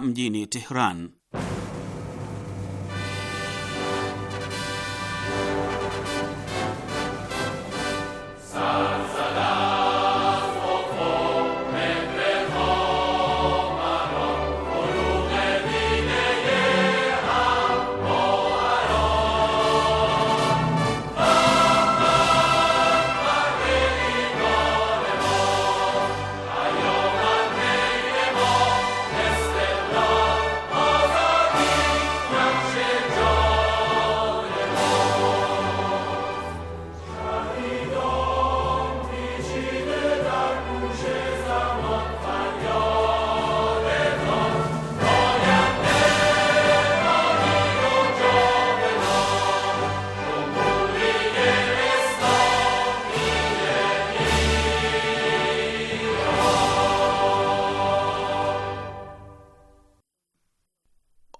mjini Tehran.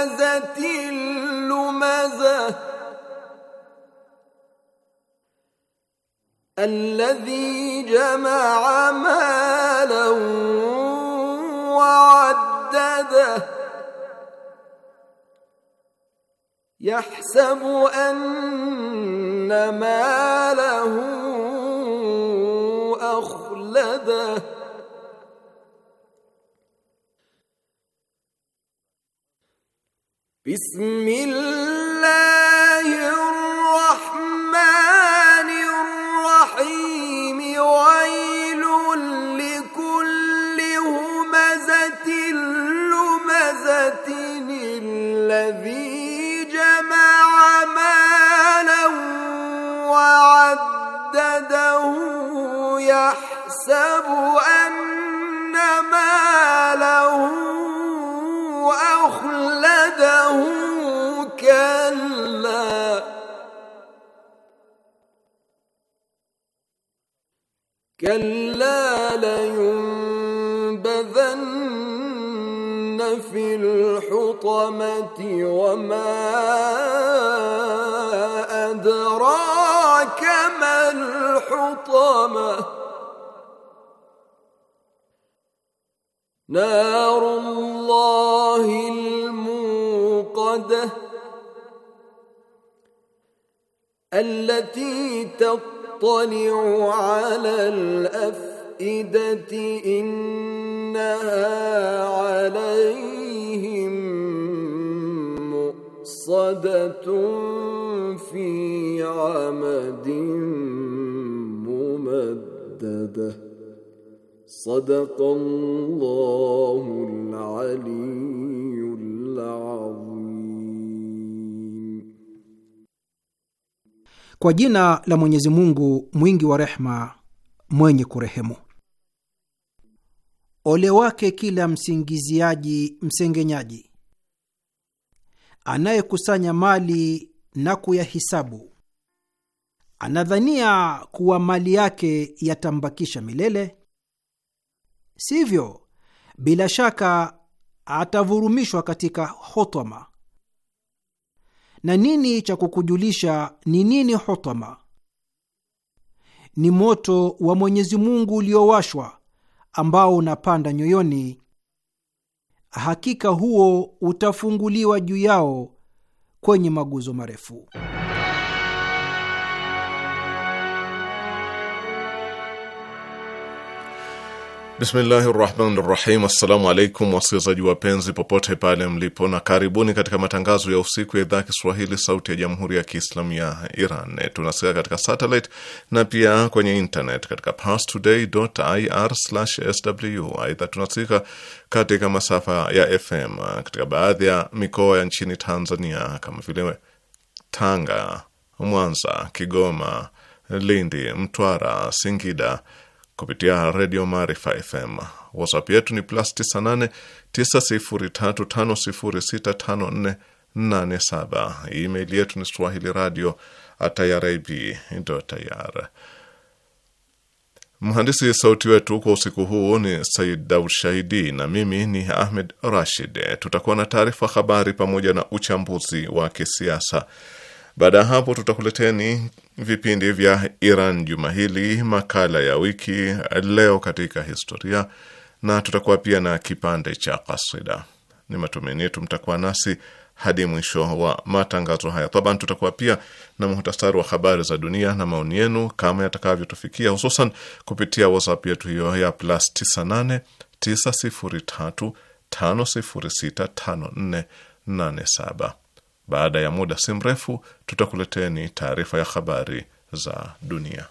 همزة لمزة الذي جمع مالا وعدده يحسب أن ماله أخلده بسم الله القيامة وما أدراك ما الحطمة نار الله الموقدة التي تطلع على الأفئدة إنها عليها مرصدة في عمد ممددة صدق الله العلي العظيم Kwa jina la Mwenyezi Mungu mwingi wa rehma mwenye kurehemu. Ole wake kila msingiziaji msengenyaji anayekusanya mali na kuyahisabu, anadhania kuwa mali yake yatambakisha milele. Sivyo, bila shaka atavurumishwa katika hotama. Na nini cha kukujulisha ni nini hotoma? Ni moto wa Mwenyezi Mungu uliowashwa ambao unapanda nyoyoni hakika huo utafunguliwa juu yao kwenye maguzo marefu. Bismillahi rahmani rahim. Assalamu alaikum wasikilizaji wapenzi popote pale mlipo, na karibuni katika matangazo ya usiku ya idhaa Kiswahili sauti ya jamhuri ya Kiislamu ya Iran. Tunasikia katika satellite na pia kwenye internet katika parstoday.ir/sw. Aidha, tunasikika katika masafa ya FM katika baadhi ya mikoa ya nchini Tanzania kama vile Tanga, Mwanza, Kigoma, Lindi, Mtwara, Singida kupitia redio Maarifa FM. WhatsApp yetu ni plus 989035065487. Email yetu ni swahili radio irib.ir. Mhandisi sauti wetu kwa usiku huu ni Said Daud Shahidi na mimi ni Ahmed Rashid. Tutakuwa na taarifa habari pamoja na uchambuzi wa kisiasa. Baada ya hapo, tutakuleteni vipindi vya Iran juma hili, makala ya wiki, leo katika historia, na tutakuwa pia na kipande cha kasida. Ni matumaini yetu mtakuwa nasi hadi mwisho wa matangazo haya. Taban, tutakuwa pia na muhtasari wa habari za dunia na maoni yenu kama yatakavyotufikia, hususan kupitia WhatsApp yetu hiyo ya plus 98 903 5065487. Baada ya muda si mrefu tutakuleteni taarifa ya habari za dunia.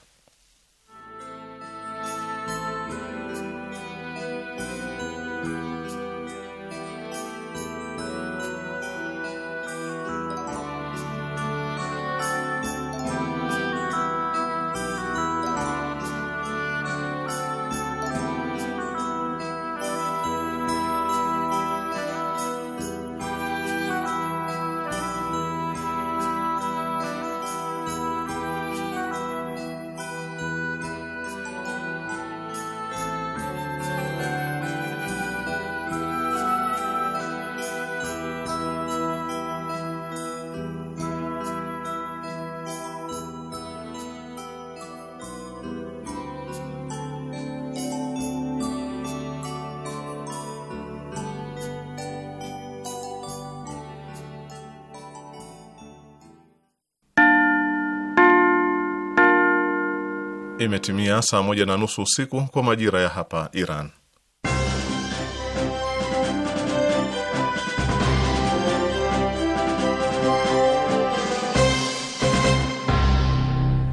imetimia saa moja na nusu usiku kwa majira ya hapa Iran.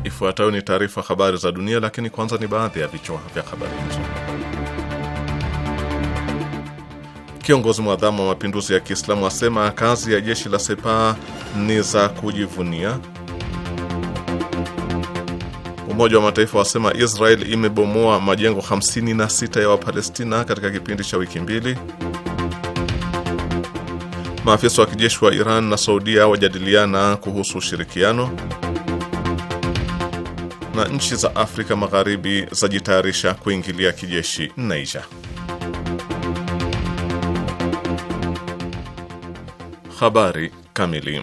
Ifuatayo ni taarifa habari za dunia, lakini kwanza ni baadhi ya vichwa vya habari hizo. Kiongozi mwadhamu wa mapinduzi ya Kiislamu asema kazi ya jeshi la Sepah ni za kujivunia Umoja wa Mataifa wasema Israel imebomoa majengo 56 ya Wapalestina katika kipindi cha wiki mbili. Maafisa wa kijeshi wa Iran na Saudia wajadiliana kuhusu ushirikiano. Na nchi za Afrika Magharibi zajitayarisha kuingilia kijeshi Niger. Habari kamili.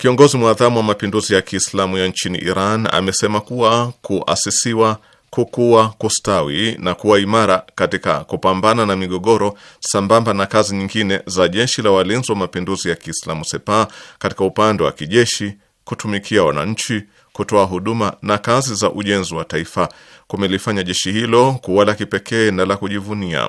Kiongozi mwadhamu wa mapinduzi ya Kiislamu ya nchini Iran amesema kuwa kuasisiwa, kukua, kustawi na kuwa imara katika kupambana na migogoro sambamba na kazi nyingine za jeshi la walinzi wa mapinduzi ya Kiislamu sepa katika upande wa kijeshi, kutumikia wananchi, kutoa huduma na kazi za ujenzi wa taifa kumelifanya jeshi hilo kuwa la kipekee na la kujivunia.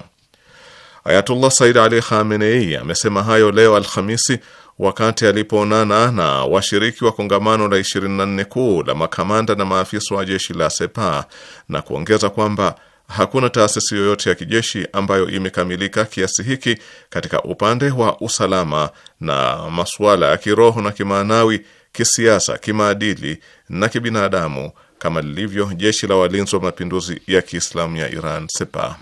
Ayatullah Said Ali Khamenei amesema hayo leo Alhamisi wakati alipoonana na washiriki wa kongamano la 24 kuu la makamanda na maafisa wa jeshi la Sepa na kuongeza kwamba hakuna taasisi yoyote ya kijeshi ambayo imekamilika kiasi hiki katika upande wa usalama na masuala ya kiroho na kimaanawi, kisiasa, kimaadili na kibinadamu kama lilivyo jeshi la walinzi wa mapinduzi ya Kiislamu ya Iran Sepa.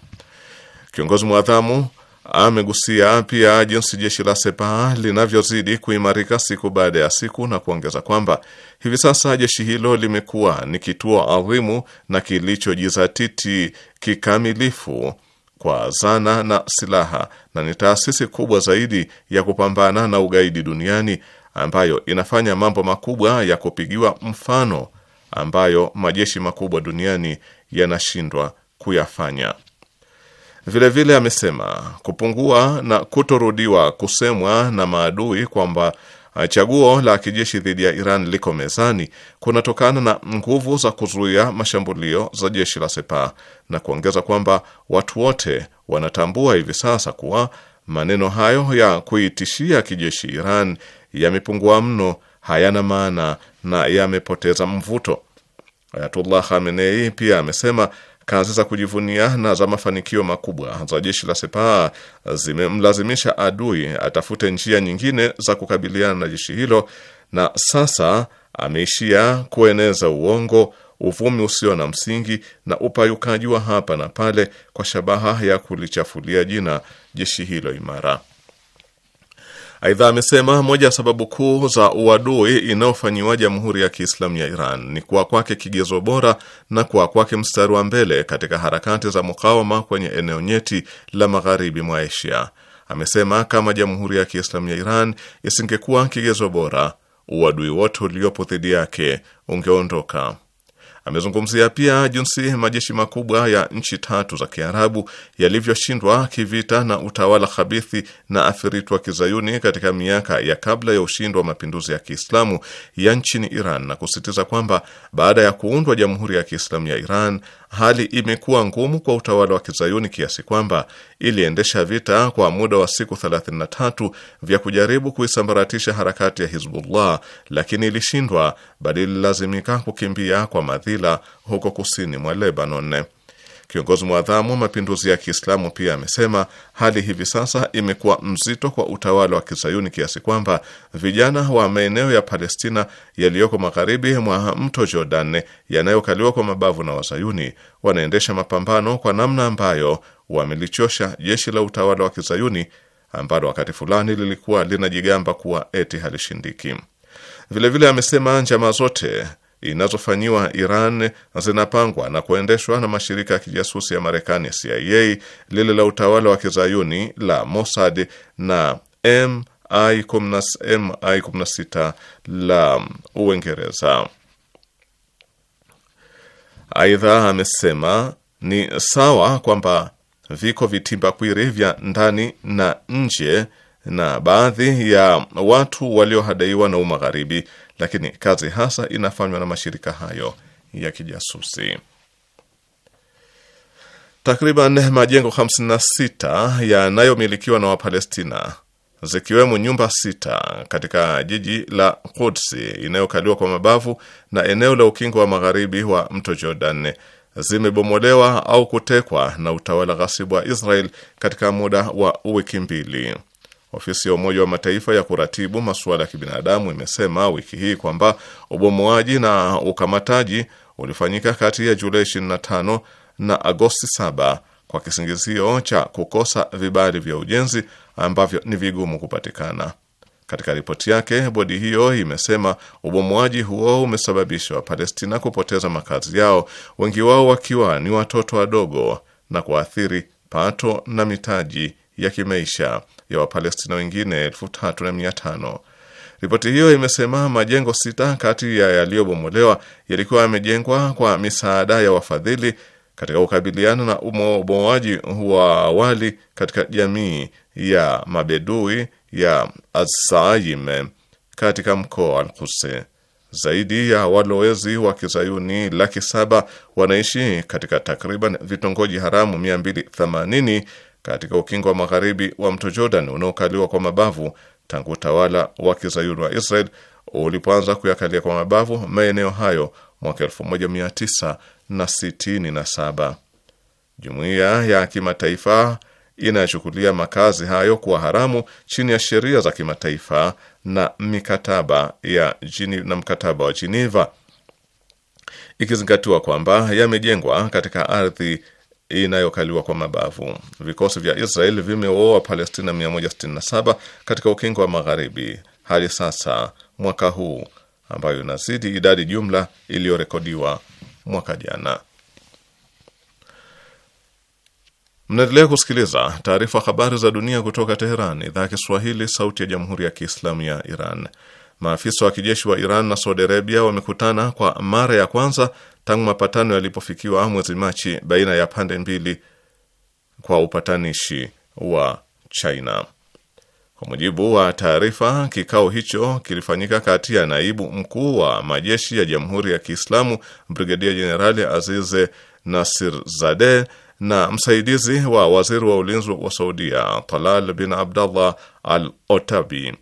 Kiongozi mwadhamu Amegusia pia jinsi jeshi la sepa linavyozidi kuimarika siku baada ya siku na kuongeza kwamba hivi sasa jeshi hilo limekuwa ni kituo adhimu na kilichojizatiti kikamilifu kwa zana na silaha na ni taasisi kubwa zaidi ya kupambana na ugaidi duniani ambayo inafanya mambo makubwa ya kupigiwa mfano ambayo majeshi makubwa duniani yanashindwa kuyafanya. Vilevile vile amesema kupungua na kutorudiwa kusemwa na maadui kwamba uh, chaguo la kijeshi dhidi ya Iran liko mezani kunatokana na nguvu za kuzuia mashambulio za jeshi la Sepah na kuongeza kwamba watu wote wanatambua hivi sasa kuwa maneno hayo ya kuitishia kijeshi Iran yamepungua mno, hayana maana na yamepoteza mvuto. Ayatullah Khamenei pia amesema Kazi za kujivunia na za mafanikio makubwa za jeshi la Sepah zimemlazimisha adui atafute njia nyingine za kukabiliana na jeshi hilo, na sasa ameishia kueneza uongo, uvumi usio na msingi na upayukaji wa hapa na pale kwa shabaha ya kulichafulia jina jeshi hilo imara. Aidha amesema moja ya sababu kuu za uadui inayofanyiwa Jamhuri ya Kiislamu ya Iran ni kuwa kwake kigezo bora na kuwa kwake mstari wa mbele katika harakati za mukawama kwenye eneo nyeti la magharibi mwa Asia. Amesema kama Jamhuri ya Kiislamu ya Iran isingekuwa kigezo bora, uadui wote uliopo dhidi yake ungeondoka. Amezungumzia pia jinsi majeshi makubwa ya nchi tatu za Kiarabu yalivyoshindwa kivita na utawala khabithi na athiritu wa kizayuni katika miaka ya kabla ya ushindi wa mapinduzi ya Kiislamu ya nchini Iran na kusisitiza kwamba baada ya kuundwa Jamhuri ya Kiislamu ya Iran hali imekuwa ngumu kwa utawala wa kizayuni kiasi kwamba iliendesha vita kwa muda wa siku 33 vya kujaribu kuisambaratisha harakati ya Hizbullah, lakini ilishindwa, bali ililazimika kukimbia kwa madhila huko kusini mwa Lebanon. Kiongozi mwadhamu wa mapinduzi ya Kiislamu pia amesema hali hivi sasa imekuwa mzito kwa utawala wa kizayuni kiasi kwamba vijana wa maeneo ya Palestina yaliyoko magharibi mwa mto Jordan yanayokaliwa kwa mabavu na wazayuni wanaendesha mapambano kwa namna ambayo wamelichosha jeshi la utawala wa kizayuni ambalo wakati fulani lilikuwa linajigamba kuwa eti halishindiki. Vilevile amesema njama zote inazofanyiwa Iran zinapangwa na kuendeshwa na mashirika ya kijasusi ya Marekani CIA, lile la utawala wa kizayuni la Mossad na MI16 la Uingereza. Aidha amesema ni sawa kwamba viko vitimba kwiri vya ndani na nje na baadhi ya watu waliohadaiwa na umagharibi lakini kazi hasa inafanywa na mashirika hayo ya kijasusi. Takriban majengo 56 yanayomilikiwa na Wapalestina zikiwemo nyumba sita katika jiji la Kudsi inayokaliwa kwa mabavu na eneo la ukingo wa magharibi wa mto Jordan zimebomolewa au kutekwa na utawala ghasibu wa Israel katika muda wa wiki mbili. Ofisi ya Umoja wa Mataifa ya kuratibu masuala ya kibinadamu imesema wiki hii kwamba ubomoaji na ukamataji ulifanyika kati ya Julai 25 na Agosti 7 kwa kisingizio cha kukosa vibali vya ujenzi ambavyo ni vigumu kupatikana. Katika ripoti yake, bodi hiyo imesema ubomoaji huo umesababisha Wapalestina kupoteza makazi yao, wengi wao wakiwa ni watoto wadogo, na kuathiri pato na mitaji ya kimaisha ya Wapalestina wengine elfu tatu na mia tano. Ripoti hiyo imesema majengo sita kati ya yaliyobomolewa yalikuwa yamejengwa kwa misaada ya wafadhili katika kukabiliana na umoboaji wa awali katika jamii ya mabedui ya Asaime katika mkoa Alkuse. Zaidi ya walowezi wa kizayuni laki saba wanaishi katika takriban vitongoji haramu 280 katika ukingo wa magharibi wa mto Jordan unaokaliwa kwa mabavu tangu utawala wa kizayuni wa Israel ulipoanza kuyakalia kwa mabavu maeneo hayo mwaka 1967. Jumuiya ya kimataifa inayochukulia makazi hayo kuwa haramu chini ya sheria za kimataifa na mikataba ya jini, na mkataba wa Geneva, ikizingatiwa kwamba yamejengwa katika ardhi inayokaliwa kwa mabavu. Vikosi vya Israel vimewaoa Palestina 167 katika ukingo wa magharibi hadi sasa mwaka huu, ambayo inazidi idadi jumla iliyorekodiwa mwaka jana. Mnaendelea kusikiliza taarifa habari za dunia kutoka teheran idhaa ya Kiswahili, sauti ya jamhuri ya kiislamu ya Iran. Maafisa wa kijeshi wa Iran na Saudi Arabia wamekutana kwa mara ya kwanza tangu mapatano yalipofikiwa mwezi Machi baina ya pande mbili kwa upatanishi wa China. Kwa mujibu wa taarifa, kikao hicho kilifanyika kati ya naibu mkuu wa majeshi ya Jamhuri ya Kiislamu Brigedia Jenerali Azize zade na msaidizi wa waziri wa ulinzi wa Saudia Talal bin Abdallah Al Otabi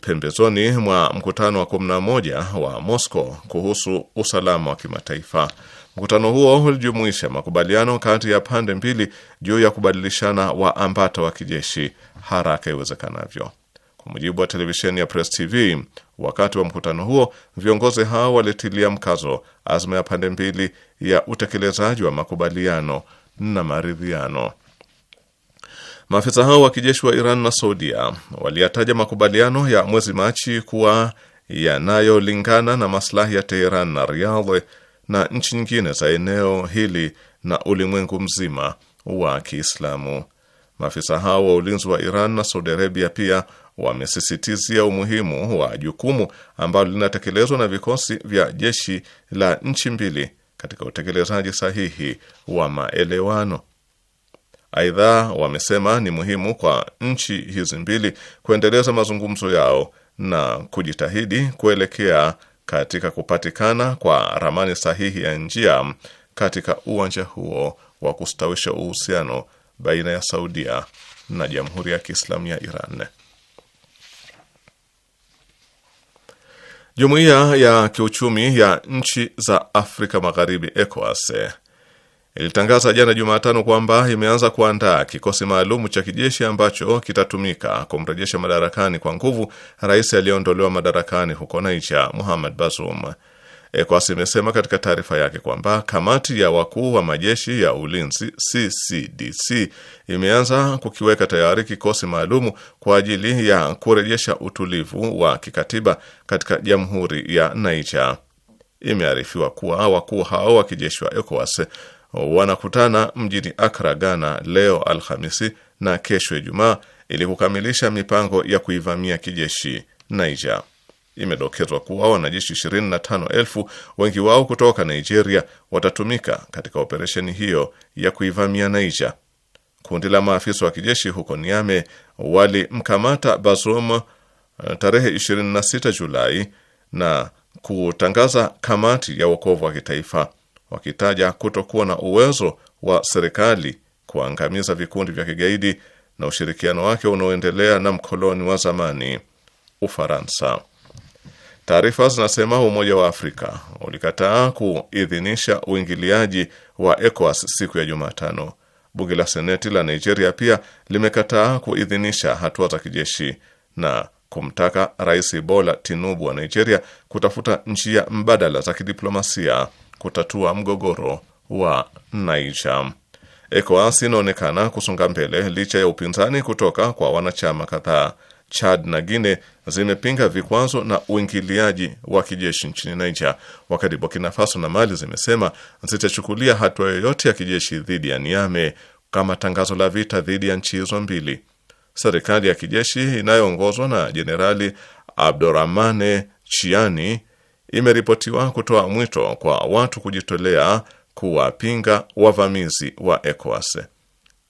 pembezoni mwa mkutano wa 11 wa Moscow kuhusu usalama wa kimataifa. Mkutano huo ulijumuisha makubaliano kati ya pande mbili juu ya kubadilishana waambata wa kijeshi haraka iwezekanavyo. Kwa mujibu wa televisheni ya Press TV, wakati wa mkutano huo viongozi hao walitilia mkazo azma ya pande mbili ya utekelezaji wa makubaliano na maridhiano. Maafisa hao wa kijeshi wa Iran na Saudia waliyataja makubaliano ya mwezi Machi kuwa yanayolingana na maslahi ya Teheran na Riyadh na nchi nyingine za eneo hili na ulimwengu mzima wa Kiislamu. Maafisa hao wa ulinzi wa Iran na Saudi Arabia pia wamesisitizia umuhimu wa jukumu ambalo linatekelezwa na vikosi vya jeshi la nchi mbili katika utekelezaji sahihi wa maelewano. Aidha, wamesema ni muhimu kwa nchi hizi mbili kuendeleza mazungumzo yao na kujitahidi kuelekea katika kupatikana kwa ramani sahihi ya njia katika uwanja huo wa kustawisha uhusiano baina ya Saudia na Jamhuri ya Kiislamu ya Iran. Jumuiya ya Kiuchumi ya Nchi za Afrika Magharibi ECOWAS ilitangaza jana Jumatano kwamba imeanza kuandaa kikosi maalum cha kijeshi ambacho kitatumika kumrejesha madarakani kwa nguvu rais aliyeondolewa madarakani huko Naija, Muhammad Bazoum. ECOWAS imesema katika taarifa yake kwamba kamati ya wakuu wa majeshi ya ulinzi CCDC imeanza kukiweka tayari kikosi maalumu kwa ajili ya kurejesha utulivu wa kikatiba katika jamhuri ya Naija. Imearifiwa kuwa wakuu hao wa kijeshi wa ECOWAS wanakutana mjini Akra, Ghana leo Alhamisi na kesho Ijumaa ili kukamilisha mipango ya kuivamia kijeshi Niger. Imedokezwa kuwa wanajeshi 25,000 wengi wao kutoka Nigeria watatumika katika operesheni hiyo ya kuivamia Niger. Kundi la maafisa wa kijeshi huko Niame walimkamata Bazoum eh, tarehe 26 Julai na kutangaza kamati ya wokovu wa kitaifa wakitaja kutokuwa na uwezo wa serikali kuangamiza vikundi vya kigaidi na ushirikiano wake unaoendelea na mkoloni wa zamani Ufaransa. Taarifa zinasema Umoja wa Afrika ulikataa kuidhinisha uingiliaji wa ECOWAS siku ya Jumatano. Bunge la Seneti la Nigeria pia limekataa kuidhinisha hatua za kijeshi na kumtaka Rais Bola Tinubu wa Nigeria kutafuta njia mbadala za kidiplomasia kutatua mgogoro wa Niger. ECOWAS inaonekana kusonga mbele licha ya upinzani kutoka kwa wanachama kadhaa. Chad na Guine zimepinga vikwazo na uingiliaji wa kijeshi nchini Niger, wakati Burkina Faso na Mali zimesema zitachukulia hatua yoyote ya kijeshi dhidi ya Niame kama tangazo la vita dhidi ya nchi hizo mbili. Serikali ya kijeshi inayoongozwa na Jenerali abdurahmane Chiani imeripotiwa kutoa mwito kwa watu kujitolea kuwapinga wavamizi wa ECOWAS.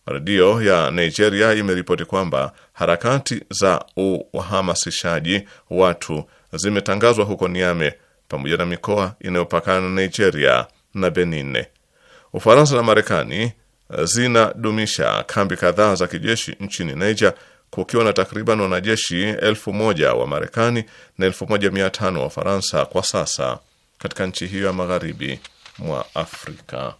Redio ya Nigeria imeripoti kwamba harakati za uhamasishaji watu zimetangazwa huko Niame pamoja na mikoa inayopakana na Nigeria na Benin. Ufaransa na Marekani zinadumisha kambi kadhaa za kijeshi nchini Niger kukiwa na takriban wanajeshi elfu moja wa Marekani na elfu moja mia tano wa Faransa kwa sasa katika nchi hiyo ya magharibi mwa Afrika.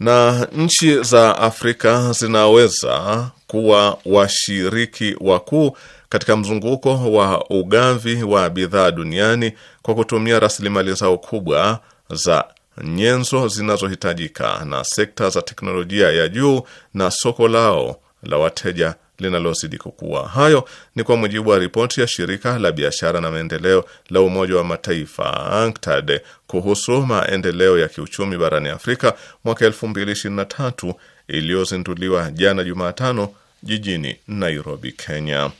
Na nchi za Afrika zinaweza kuwa washiriki wakuu katika mzunguko wa ugavi wa bidhaa duniani kwa kutumia rasilimali zao kubwa za nyenzo zinazohitajika na sekta za teknolojia ya juu na soko lao la wateja linalozidi kukua. Hayo ni kwa mujibu wa ripoti ya shirika la biashara na maendeleo la Umoja wa Mataifa ANKTAD kuhusu maendeleo ya kiuchumi barani Afrika mwaka 2023 iliyozinduliwa jana Jumatano jijini Nairobi, Kenya.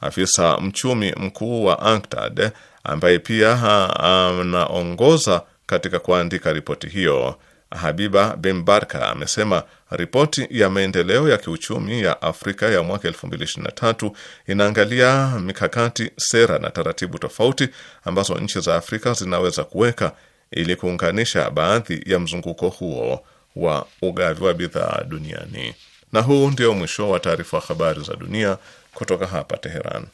Afisa mchumi mkuu wa ANKTAD ambaye pia anaongoza katika kuandika ripoti hiyo, Habiba Bin Barka amesema ripoti ya maendeleo ya kiuchumi ya Afrika ya mwaka 2023 inaangalia mikakati, sera na taratibu tofauti ambazo nchi za Afrika zinaweza kuweka ili kuunganisha baadhi ya mzunguko huo wa ugavi wa bidhaa duniani. Na huu ndio mwisho wa taarifa wa habari za dunia kutoka hapa Teheran.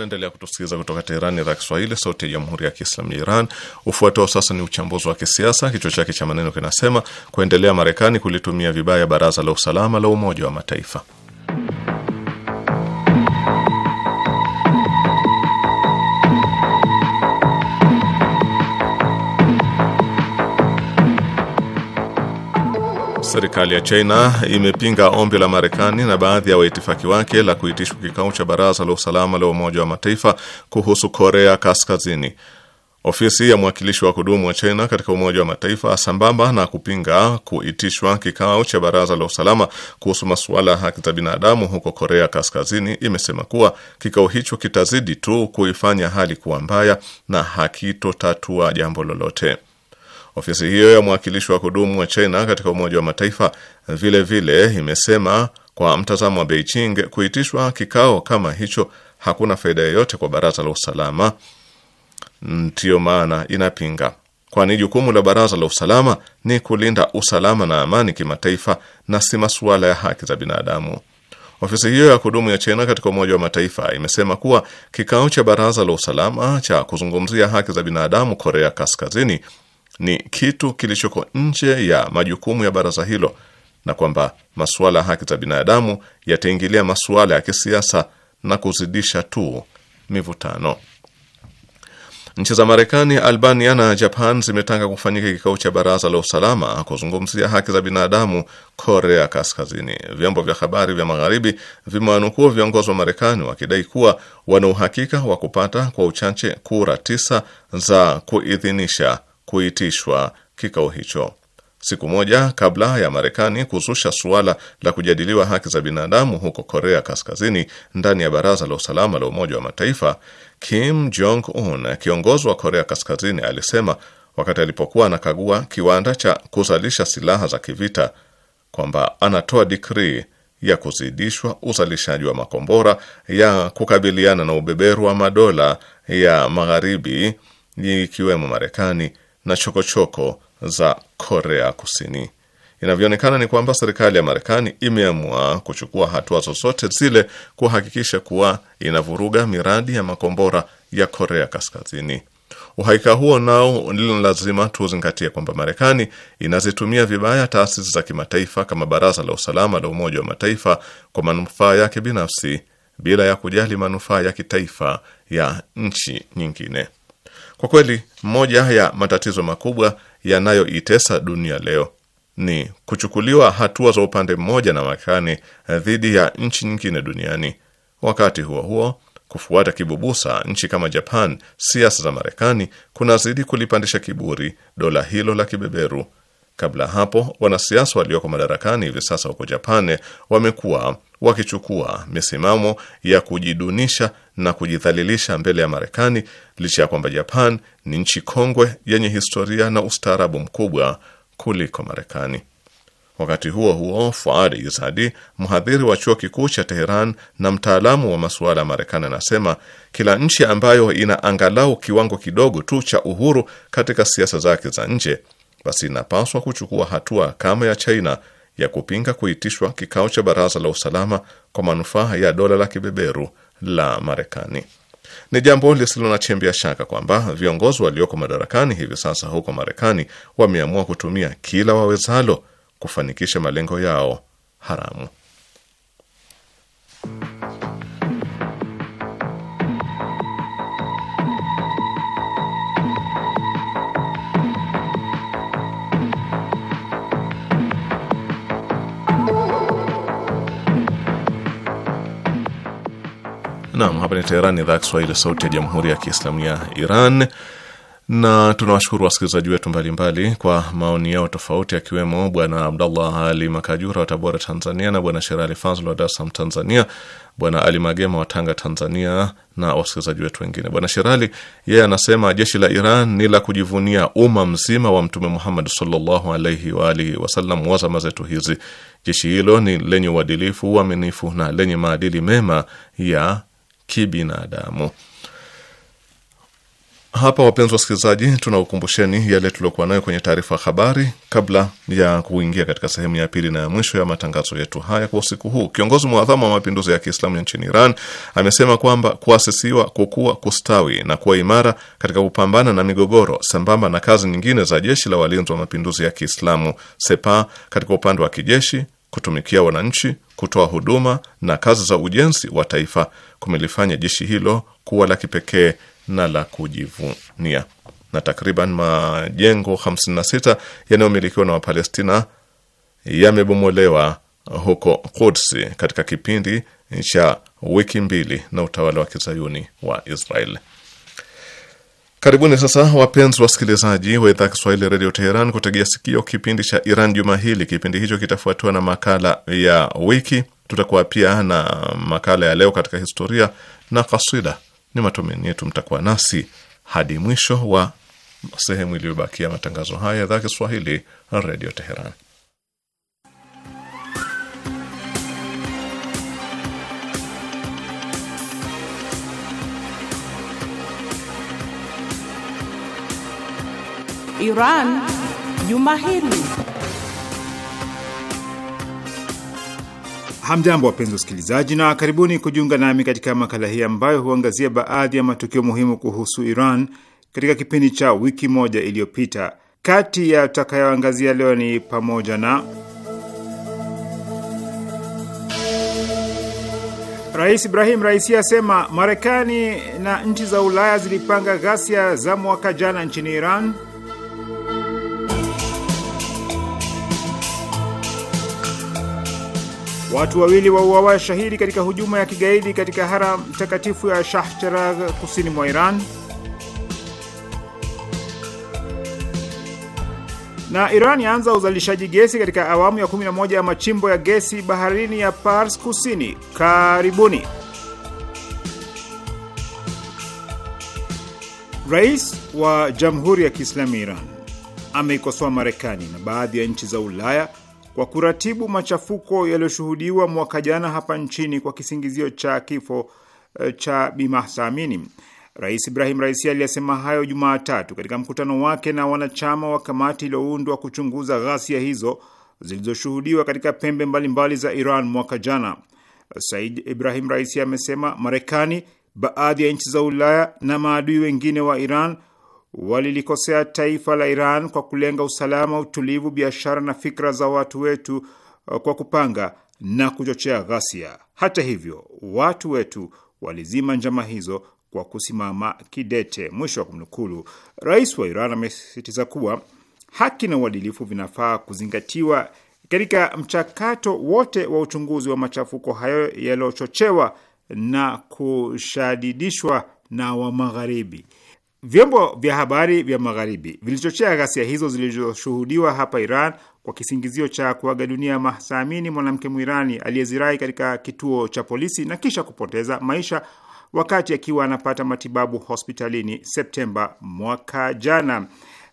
mnaendelea kutusikiliza kutoka Teheran, idhaa Kiswahili, sauti ya jamhuri ya kiislamu ya Iran. Ufuatao sasa ni uchambuzi wa kisiasa, kichwa chake cha maneno kinasema kuendelea Marekani kulitumia vibaya baraza la usalama la Umoja wa Mataifa. Serikali ya China imepinga ombi la Marekani na baadhi ya waitifaki wake la kuitishwa kikao cha Baraza la Usalama la Umoja wa Mataifa kuhusu Korea Kaskazini. Ofisi ya mwakilishi wa kudumu wa China katika Umoja wa Mataifa, sambamba na kupinga kuitishwa kikao cha Baraza la Usalama kuhusu masuala ya haki za binadamu huko Korea Kaskazini, imesema kuwa kikao hicho kitazidi tu kuifanya hali kuwa mbaya na hakitotatua jambo lolote. Ofisi hiyo ya mwakilishi wa kudumu wa China katika Umoja wa Mataifa vile vile imesema kwa mtazamo wa Beijing, kuitishwa kikao kama hicho hakuna faida yoyote kwa Baraza la Usalama. Ndiyo maana inapinga, kwani jukumu la Baraza la Usalama ni kulinda usalama na amani kimataifa na si masuala ya haki za binadamu. Ofisi hiyo ya kudumu ya China katika Umoja wa Mataifa imesema kuwa kikao cha Baraza la Usalama cha kuzungumzia haki za binadamu Korea Kaskazini ni kitu kilichoko nje ya majukumu ya baraza hilo na kwamba masuala ya haki za binadamu yataingilia masuala ya kisiasa na kuzidisha tu mivutano. Nchi za Marekani, Albania na Japan zimetanga kufanyika kikao cha baraza la usalama kuzungumzia haki za binadamu Korea Kaskazini. Vyombo vya habari vya Magharibi vimewanukuu viongozi wa Marekani wakidai kuwa wana uhakika wa kupata kwa uchache kura tisa za kuidhinisha kuitishwa kikao hicho. Siku moja kabla ya Marekani kuzusha suala la kujadiliwa haki za binadamu huko Korea Kaskazini ndani ya Baraza la Usalama la Umoja wa Mataifa, Kim Jong Un, kiongozi wa Korea Kaskazini, alisema wakati alipokuwa anakagua kiwanda cha kuzalisha silaha za kivita kwamba anatoa dikrii ya kuzidishwa uzalishaji wa makombora ya kukabiliana na ubeberu wa madola ya magharibi ikiwemo Marekani na chokochoko choko za Korea Kusini. Inavyoonekana ni kwamba serikali ya Marekani imeamua kuchukua hatua zozote zile kuhakikisha kuwa inavuruga miradi ya makombora ya Korea Kaskazini. Uhakika huo nao ndilo lazima tuzingatie kwamba Marekani inazitumia vibaya taasisi za kimataifa kama Baraza la Usalama la Umoja wa Mataifa kwa manufaa yake binafsi bila ya kujali manufaa ya kitaifa ya nchi nyingine. Kwa kweli, moja ya matatizo makubwa yanayoitesa dunia leo ni kuchukuliwa hatua za upande mmoja na Marekani eh, dhidi ya nchi nyingine duniani. Wakati huo huo, kufuata kibubusa nchi kama Japan siasa za Marekani kunazidi kulipandisha kiburi dola hilo la kibeberu. Kabla hapo, wanasiasa walioko madarakani hivi sasa huko Japan eh, wamekuwa wakichukua misimamo ya kujidunisha na kujidhalilisha mbele ya Marekani licha ya kwamba Japan ni nchi kongwe yenye historia na ustaarabu mkubwa kuliko Marekani. Wakati huo huo, Fuad Izadi, mhadhiri wa chuo kikuu cha Teheran na mtaalamu wa masuala ya Marekani, anasema kila nchi ambayo ina angalau kiwango kidogo tu cha uhuru katika siasa zake za nje, basi inapaswa kuchukua hatua kama ya China ya kupinga kuitishwa kikao cha baraza la usalama kwa manufaa ya dola la kibeberu la Marekani. Ni jambo lisilo na chembe ya shaka kwamba viongozi walioko madarakani hivi sasa huko Marekani wameamua kutumia kila wawezalo kufanikisha malengo yao haramu. Naam, hapa ni Teherani, idhaa ya Kiswahili, sauti ya jamhuri ya kiislamu ya Iran. Na tunawashukuru wasikilizaji wetu mbalimbali kwa maoni yao tofauti, akiwemo Bwana Abdallah Ali Makajura wa Tabora, Tanzania, na Bwana Sherali Fazl wa Dar es Salaam, Tanzania, Bwana Ali Magema wa Tanga, Tanzania, na wasikilizaji wetu wengine. Bwana Sherali yeye anasema jeshi la Iran ni la kujivunia, umma mzima wa Mtume Muhammad sallallahu alaihi wa alihi wasallam wa zama zetu hizi. Jeshi hilo ni lenye uadilifu, uaminifu na lenye maadili mema ya kibinadamu. Hapa wapenzi wasikilizaji, tunaukumbusheni yale tuliokuwa nayo kwenye taarifa ya habari kabla ya kuingia katika sehemu ya pili na ya mwisho ya matangazo yetu haya kwa usiku huu. Kiongozi mwadhamu wa mapinduzi ya Kiislamu ya nchini Iran amesema kwamba kuasisiwa, kukua, kustawi na kuwa imara katika kupambana na migogoro sambamba na kazi nyingine za jeshi la walinzi wa mapinduzi ya Kiislamu Sepa katika upande wa kijeshi, kutumikia wananchi, kutoa huduma na kazi za ujenzi wa taifa kumelifanya jeshi hilo kuwa la kipekee na la kujivunia. Na takriban majengo 56 yanayomilikiwa na Wapalestina yamebomolewa huko Quds katika kipindi cha wiki mbili na utawala wa kizayuni wa Israel. Karibuni sasa wapenzi wasikilizaji wa idhaa Kiswahili redio Teheran kutegea sikio kipindi cha Iran juma hili. Kipindi hicho kitafuatiwa na makala ya wiki Tutakuwa pia na makala ya leo katika historia na kasida. Ni matumaini yetu mtakuwa nasi hadi mwisho wa sehemu iliyobakia matangazo haya ya idhaa Kiswahili Redio Teheran. Iran Juma hili Hamjambo, wapenzi wasikilizaji, na karibuni kujiunga nami katika makala hii ambayo huangazia baadhi ya matukio muhimu kuhusu Iran katika kipindi cha wiki moja iliyopita. Kati ya tutakayoangazia leo ni pamoja na Rais Ibrahim Raisi asema Marekani na nchi za Ulaya zilipanga ghasia za mwaka jana nchini Iran. Watu wawili wauawa shahidi katika hujuma ya kigaidi katika haram mtakatifu ya Shah Cheragh kusini mwa Iran. Na Iran yaanza uzalishaji gesi katika awamu ya 11 ya machimbo ya gesi baharini ya Pars Kusini. Karibuni. Rais wa Jamhuri ya Kiislamu ya Iran ameikosoa Marekani na baadhi ya nchi za Ulaya kwa kuratibu machafuko yaliyoshuhudiwa mwaka jana hapa nchini kwa kisingizio cha kifo eh, cha Bi Mahsa Amini. Rais Ibrahim Raisi aliyasema hayo Jumatatu katika mkutano wake na wanachama wa kamati iliyoundwa kuchunguza ghasia hizo zilizoshuhudiwa katika pembe mbalimbali za Iran mwaka jana. Said Ibrahim Raisi amesema Marekani, baadhi ya nchi za Ulaya na maadui wengine wa Iran walilikosea taifa la Iran kwa kulenga usalama, utulivu, biashara na fikra za watu wetu uh, kwa kupanga na kuchochea ghasia. Hata hivyo, watu wetu walizima njama hizo kwa kusimama kidete. Mwisho wa kumnukulu. Rais wa Iran amesisitiza kuwa haki na uadilifu vinafaa kuzingatiwa katika mchakato wote wa uchunguzi wa machafuko hayo yaliyochochewa na kushadidishwa na wa Magharibi. Vyombo vya habari vya magharibi vilichochea ghasia hizo zilizoshuhudiwa hapa Iran kwa kisingizio cha kuaga dunia Mahsa Amini, mwanamke Mwirani aliyezirai katika kituo cha polisi na kisha kupoteza maisha wakati akiwa anapata matibabu hospitalini Septemba mwaka jana.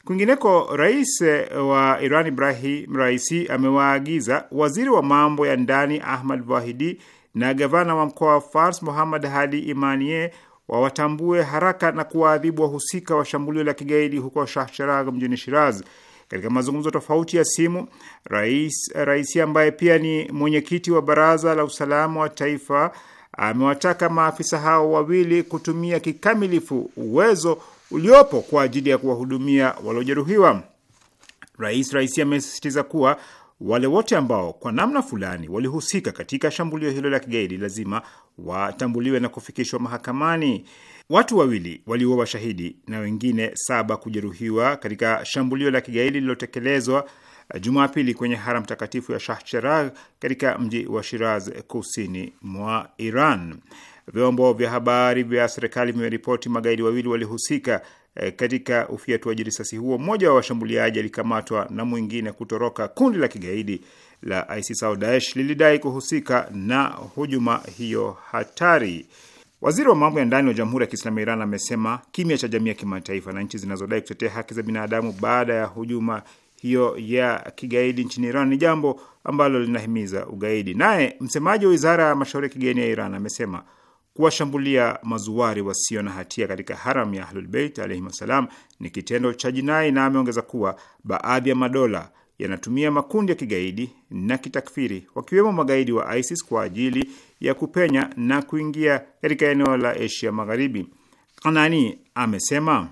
Kwingineko, rais wa Iran Ibrahim Raisi amewaagiza waziri wa mambo ya ndani Ahmad Wahidi na gavana wa mkoa wa Fars Muhammad Hadi Imanie wawatambue haraka na kuwaadhibu wahusika wa shambulio la kigaidi huko Shahsharagh mjini Shiraz. Katika mazungumzo tofauti ya simu, rais raisi ambaye pia ni mwenyekiti wa baraza la usalama wa taifa amewataka maafisa hao wawili kutumia kikamilifu uwezo uliopo kwa ajili ya kuwahudumia waliojeruhiwa. Rais Raisi amesisitiza kuwa wale wote ambao kwa namna fulani walihusika katika shambulio hilo la kigaidi lazima watambuliwe na kufikishwa mahakamani. Watu wawili waliuwa washahidi na wengine saba kujeruhiwa katika shambulio la kigaidi lililotekelezwa Jumapili kwenye haram takatifu ya Shah Cheragh katika mji wa Shiraz, kusini mwa Iran. Vyombo vya habari vya serikali vimeripoti magaidi wawili walihusika Eh, katika ufiatuaji risasi huo, mmoja wa washambuliaji alikamatwa na mwingine kutoroka. Kundi la kigaidi la ISIS au Daesh lilidai kuhusika na hujuma hiyo hatari. Waziri wa mambo ya ndani wa Jamhuri ya Kiislamu ya Iran amesema kimya cha jamii ya kimataifa na nchi zinazodai kutetea haki za binadamu baada ya hujuma hiyo ya kigaidi nchini Iran ni jambo ambalo linahimiza ugaidi. Naye msemaji wa wizara ya mashauri ya kigeni ya Iran amesema Kuwashambulia mazuwari wasio na hatia katika haram ya Ahlulbeit alaihim wassalam ni kitendo cha jinai, na ameongeza kuwa baadhi ya madola yanatumia makundi ya kigaidi na kitakfiri wakiwemo magaidi wa ISIS kwa ajili ya kupenya na kuingia katika eneo la Asia Magharibi. anani amesema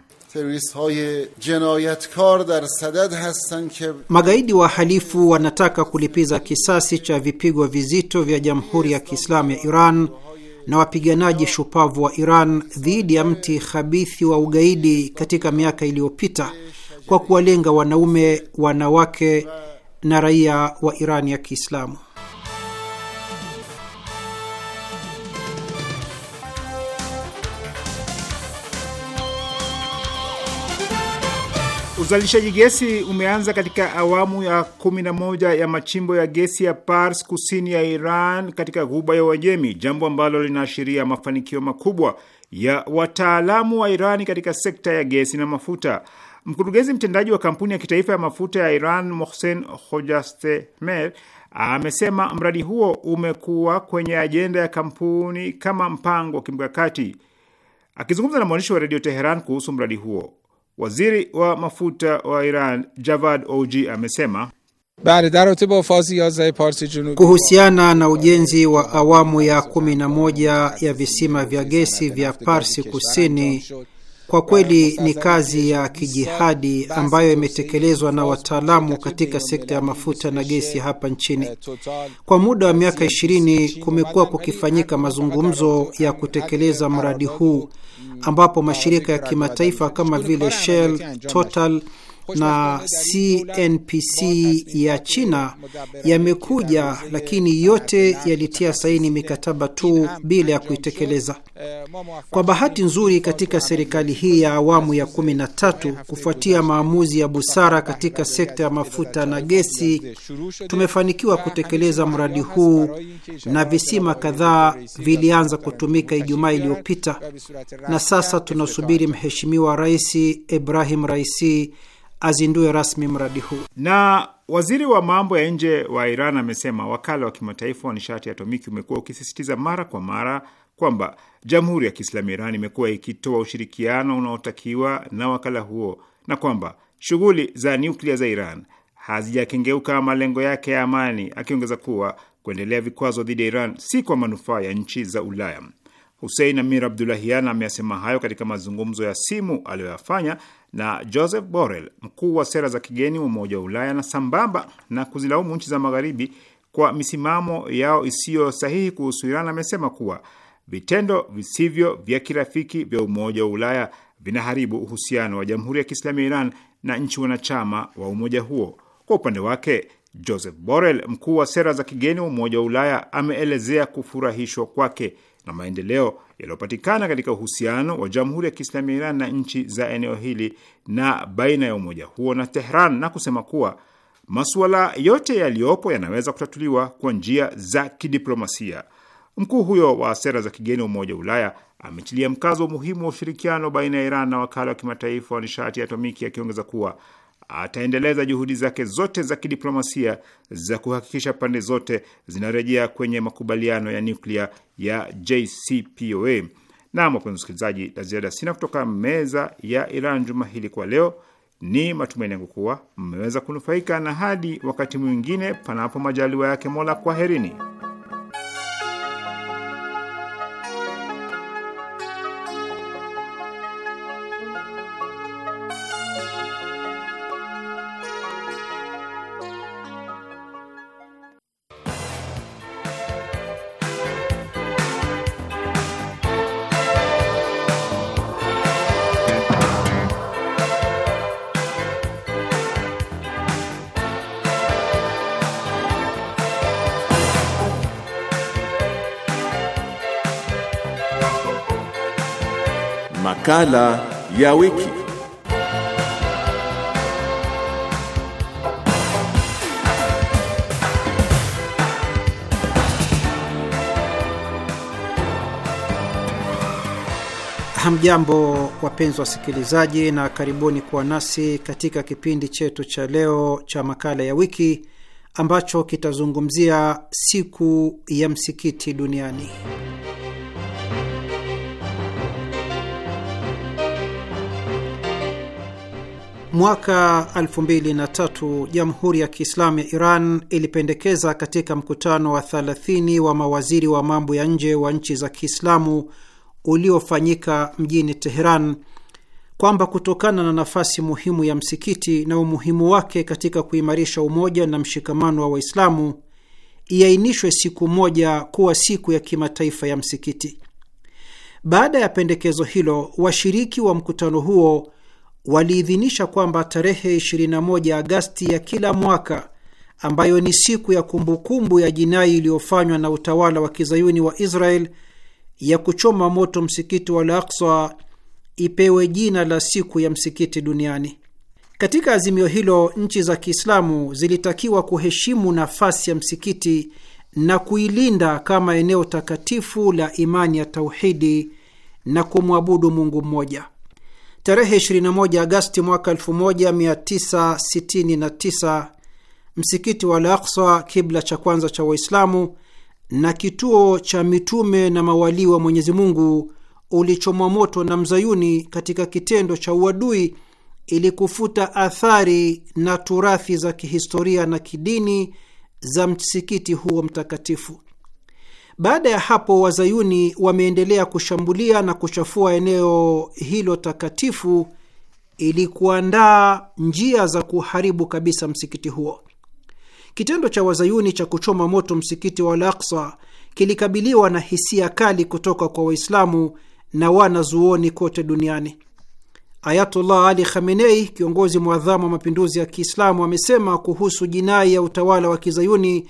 magaidi wa halifu wanataka kulipiza kisasi cha vipigo vizito vya Jamhuri ya Kiislamu ya Iran na wapiganaji shupavu wa Iran dhidi ya mti khabithi wa ugaidi katika miaka iliyopita kwa kuwalenga wanaume, wanawake na raia wa Iran ya Kiislamu. Uzalishaji gesi umeanza katika awamu ya 11 ya machimbo ya gesi ya Pars kusini ya Iran katika ghuba ya Uajemi, jambo ambalo linaashiria mafanikio makubwa ya wataalamu wa Irani katika sekta ya gesi na mafuta. Mkurugenzi mtendaji wa kampuni ya kitaifa ya mafuta ya Iran, Mohsen Hojastemer, amesema mradi huo umekuwa kwenye ajenda ya kampuni kama mpango wa kimkakati. Akizungumza na mwandishi wa redio Teheran kuhusu mradi huo, Waziri wa mafuta wa Iran Javad og amesema kuhusiana na ujenzi wa awamu ya kumi na moja ya visima vya gesi vya Parsi Kusini kwa kweli ni kazi ya kijihadi ambayo imetekelezwa na wataalamu katika sekta ya mafuta na gesi hapa nchini. Uh, Kwa muda wa miaka ishirini kumekuwa kukifanyika mazungumzo ya kutekeleza mradi huu mm, ambapo mashirika ya kimataifa kama vile Shell, Total na CNPC ya China yamekuja, lakini yote yalitia saini mikataba tu bila ya kuitekeleza. Kwa bahati nzuri, katika serikali hii ya awamu ya kumi na tatu, kufuatia maamuzi ya busara katika sekta ya mafuta na gesi, tumefanikiwa kutekeleza mradi huu na visima kadhaa vilianza kutumika Ijumaa iliyopita, na sasa tunasubiri Mheshimiwa Rais Ibrahim Raisi azindue rasmi mradi huu. Na waziri wa mambo ya nje wa Iran amesema wakala wa kimataifa wa nishati ya atomiki umekuwa ukisisitiza mara kwa mara kwamba Jamhuri ya Kiislamu Iran imekuwa ikitoa ushirikiano unaotakiwa na wakala huo na kwamba shughuli za nyuklia za Iran hazijakengeuka malengo yake ya amani, akiongeza kuwa kuendelea vikwazo dhidi ya Iran si kwa manufaa ya nchi za Ulaya. Hussein Amir Abdulahian ameyasema hayo katika mazungumzo ya simu aliyoyafanya na Joseph Borrell, mkuu wa sera za kigeni wa Umoja wa Ulaya, na sambamba na kuzilaumu nchi za Magharibi kwa misimamo yao isiyo sahihi kuhusu Iran, amesema kuwa vitendo visivyo vya kirafiki vya Umoja wa Ulaya vinaharibu uhusiano wa Jamhuri ya Kiislamu ya Iran na nchi wanachama wa umoja huo. Kwa upande wake Joseph Borrell, mkuu wa sera za kigeni wa Umoja wa Ulaya, ameelezea kufurahishwa kwake na maendeleo yaliyopatikana katika uhusiano wa Jamhuri ya Kiislamu ya Iran na nchi za eneo hili na baina ya umoja huo na Tehran, na kusema kuwa masuala yote yaliyopo yanaweza kutatuliwa kwa njia za kidiplomasia. Mkuu huyo wa sera za kigeni wa Umoja wa Ulaya ametilia mkazo umuhimu wa ushirikiano baina ya Iran na wakala wa kimataifa wa nishati ya atomiki, akiongeza kuwa ataendeleza juhudi zake zote za kidiplomasia za kuhakikisha pande zote zinarejea kwenye makubaliano ya nuklia ya JCPOA. Naam, wapenzi wasikilizaji, la ziada sina kutoka meza ya Iran juma hili kwa leo. Ni matumaini yangu kuwa mmeweza kunufaika, na hadi wakati mwingine, panapo majaliwa yake Mola, kwaherini. Makala ya wiki. Hamjambo, wapenzi wasikilizaji, na karibuni kuwa nasi katika kipindi chetu cha leo cha makala ya wiki ambacho kitazungumzia siku ya msikiti duniani. Mwaka 2003 Jamhuri ya Kiislamu ya Iran ilipendekeza katika mkutano wa 30 wa mawaziri wa mambo ya nje wa nchi za Kiislamu uliofanyika mjini Teheran kwamba kutokana na nafasi muhimu ya msikiti na umuhimu wake katika kuimarisha umoja na mshikamano wa Waislamu, iainishwe siku moja kuwa siku ya kimataifa ya msikiti. Baada ya pendekezo hilo, washiriki wa mkutano huo waliidhinisha kwamba tarehe 21 Agasti ya kila mwaka ambayo ni siku ya kumbukumbu ya jinai iliyofanywa na utawala wa kizayuni wa Israel ya kuchoma moto msikiti wa Al-Aqsa ipewe jina la siku ya msikiti duniani. Katika azimio hilo, nchi za Kiislamu zilitakiwa kuheshimu nafasi ya msikiti na kuilinda kama eneo takatifu la imani ya tauhidi na kumwabudu Mungu mmoja. Tarehe 21 Agasti mwaka 1969 msikiti wa Al kibla cha kwanza cha Waislamu na kituo cha mitume na mawalii wa Mwenyezi Mungu, ulichomwa moto na mzayuni katika kitendo cha uadui ili kufuta athari na turathi za kihistoria na kidini za msikiti huo mtakatifu. Baada ya hapo, wazayuni wameendelea kushambulia na kuchafua eneo hilo takatifu ili kuandaa njia za kuharibu kabisa msikiti huo. Kitendo cha wazayuni cha kuchoma moto msikiti wa Al-Aqsa kilikabiliwa na hisia kali kutoka kwa Waislamu na wanazuoni kote duniani. Ayatullah Ali Khamenei, kiongozi mwadhamu wa mapinduzi ya Kiislamu, amesema kuhusu jinai ya utawala wa kizayuni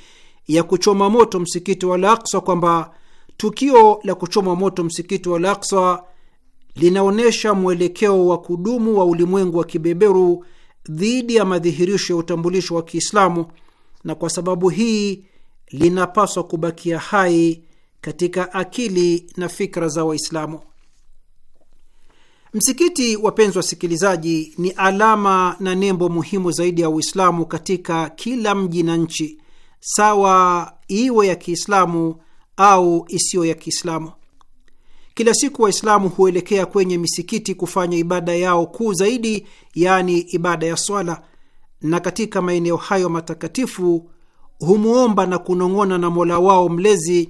ya kuchoma moto msikiti wa Al-Aqsa kwamba tukio la kuchoma moto msikiti wa Al-Aqsa linaonyesha mwelekeo wa kudumu wa ulimwengu wa kibeberu dhidi ya madhihirisho ya utambulisho wa Kiislamu, na kwa sababu hii linapaswa kubakia hai katika akili na fikra za Waislamu. Msikiti, wapenzi wasikilizaji, ni alama na nembo muhimu zaidi ya Uislamu katika kila mji na nchi sawa iwe ya Kiislamu au isiyo ya Kiislamu. Kila siku Waislamu huelekea kwenye misikiti kufanya ibada yao kuu zaidi, yaani ibada ya swala, na katika maeneo hayo matakatifu humwomba na kunong'ona na Mola wao mlezi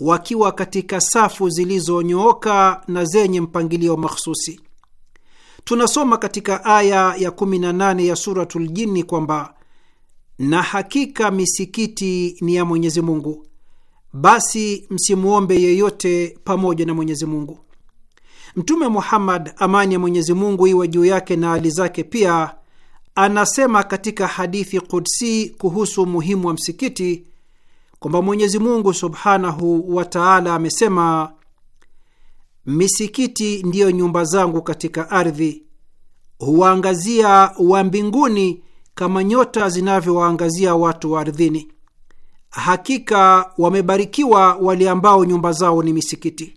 wakiwa katika safu zilizonyooka na zenye mpangilio mahsusi. Tunasoma katika aya ya 18 ya Suratul Jini kwamba na hakika misikiti ni ya Mwenyezi Mungu, basi msimwombe yeyote pamoja na Mwenyezi Mungu. Mtume Muhammad, amani ya Mwenyezi Mungu iwe juu yake na hali zake, pia anasema katika hadithi kudsi kuhusu umuhimu wa msikiti kwamba Mwenyezi Mungu subhanahu wa taala amesema, misikiti ndiyo nyumba zangu katika ardhi, huwaangazia wa mbinguni kama nyota zinavyowaangazia watu wa ardhini. Hakika wamebarikiwa wale ambao nyumba zao ni misikiti.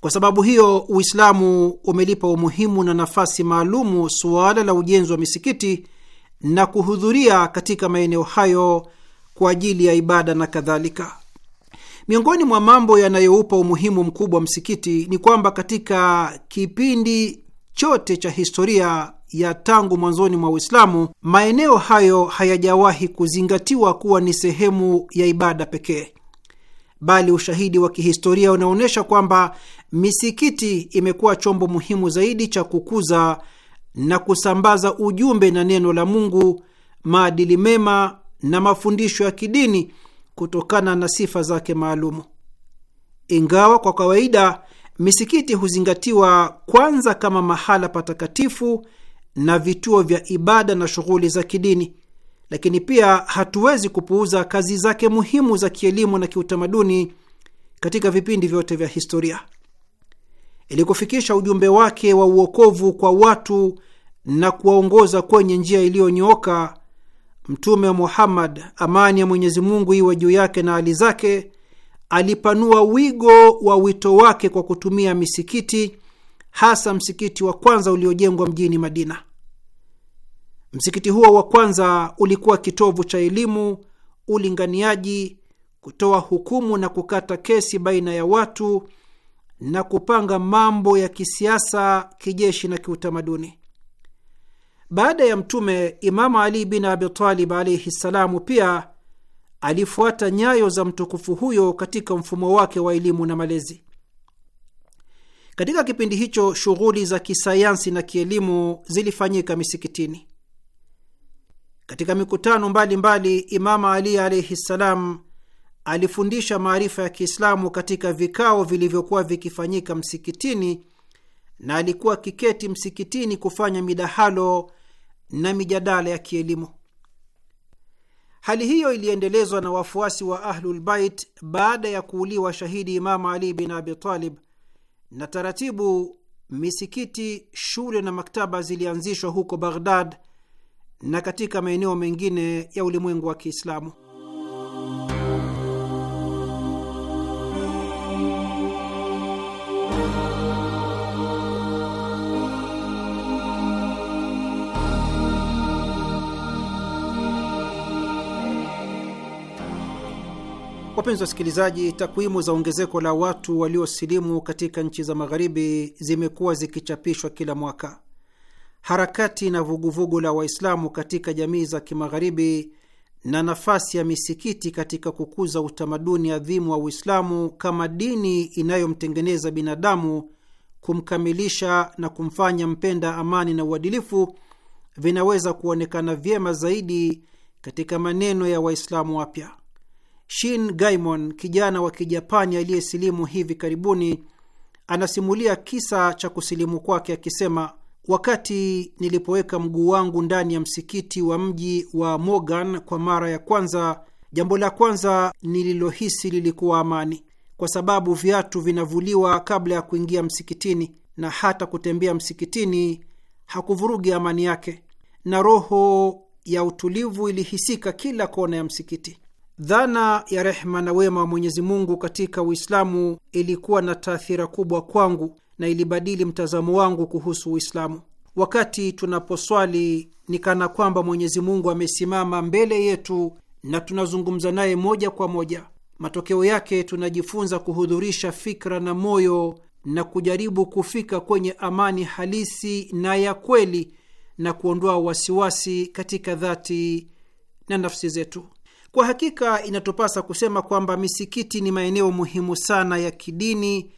Kwa sababu hiyo, Uislamu umelipa umuhimu na nafasi maalumu suala la ujenzi wa misikiti na kuhudhuria katika maeneo hayo kwa ajili ya ibada na kadhalika. Miongoni mwa mambo yanayoupa umuhimu mkubwa msikiti ni kwamba katika kipindi chote cha historia ya tangu mwanzoni mwa Uislamu, maeneo hayo hayajawahi kuzingatiwa kuwa ni sehemu ya ibada pekee, bali ushahidi wa kihistoria unaonyesha kwamba misikiti imekuwa chombo muhimu zaidi cha kukuza na kusambaza ujumbe na neno la Mungu, maadili mema na mafundisho ya kidini kutokana na sifa zake maalumu. Ingawa kwa kawaida misikiti huzingatiwa kwanza kama mahala patakatifu na vituo vya ibada na shughuli za kidini, lakini pia hatuwezi kupuuza kazi zake muhimu za kielimu na kiutamaduni katika vipindi vyote vya historia ili kufikisha ujumbe wake wa uokovu kwa watu na kuwaongoza kwenye njia iliyonyooka. Mtume Muhammad, amani ya Mwenyezi Mungu iwe juu yake na hali zake, alipanua wigo wa wito wake kwa kutumia misikiti, hasa msikiti wa kwanza uliojengwa mjini Madina. Msikiti huo wa kwanza ulikuwa kitovu cha elimu, ulinganiaji, kutoa hukumu na kukata kesi baina ya watu na kupanga mambo ya kisiasa, kijeshi na kiutamaduni. Baada ya Mtume, Imamu Ali bin Abi Talib alaihi ssalamu pia alifuata nyayo za mtukufu huyo katika mfumo wake wa elimu na malezi. Katika kipindi hicho shughuli za kisayansi na kielimu zilifanyika misikitini. Katika mikutano mbalimbali, Imama Ali alaihi ssalam alifundisha maarifa ya Kiislamu katika vikao vilivyokuwa vikifanyika msikitini, na alikuwa kiketi msikitini kufanya midahalo na mijadala ya kielimu. Hali hiyo iliendelezwa na wafuasi wa Ahlulbait baada ya kuuliwa shahidi Imamu Ali bin Abi Talib na taratibu misikiti, shule na maktaba zilianzishwa huko Baghdad na katika maeneo mengine ya ulimwengu wa Kiislamu. Wapenzi wasikilizaji, takwimu za ongezeko la watu waliosilimu katika nchi za magharibi zimekuwa zikichapishwa kila mwaka. Harakati na vuguvugu la Waislamu katika jamii za kimagharibi na nafasi ya misikiti katika kukuza utamaduni adhimu wa Uislamu kama dini inayomtengeneza binadamu, kumkamilisha na kumfanya mpenda amani na uadilifu vinaweza kuonekana vyema zaidi katika maneno ya Waislamu wapya. Shin Gaimon, kijana wa Kijapani aliyesilimu hivi karibuni, anasimulia kisa cha kusilimu kwake akisema, wakati nilipoweka mguu wangu ndani ya msikiti wa mji wa mogan kwa mara ya kwanza, jambo la kwanza nililohisi lilikuwa amani, kwa sababu viatu vinavuliwa kabla ya kuingia msikitini na hata kutembea msikitini hakuvurugi amani yake, na roho ya utulivu ilihisika kila kona ya msikiti. Dhana ya rehma na wema wa Mwenyezi Mungu katika Uislamu ilikuwa na taathira kubwa kwangu na ilibadili mtazamo wangu kuhusu Uislamu. Wakati tunaposwali ni kana kwamba Mwenyezi Mungu amesimama mbele yetu na tunazungumza naye moja kwa moja. Matokeo yake tunajifunza kuhudhurisha fikra na moyo na kujaribu kufika kwenye amani halisi na ya kweli na kuondoa wasiwasi katika dhati na nafsi zetu. Kwa hakika inatupasa kusema kwamba misikiti ni maeneo muhimu sana ya kidini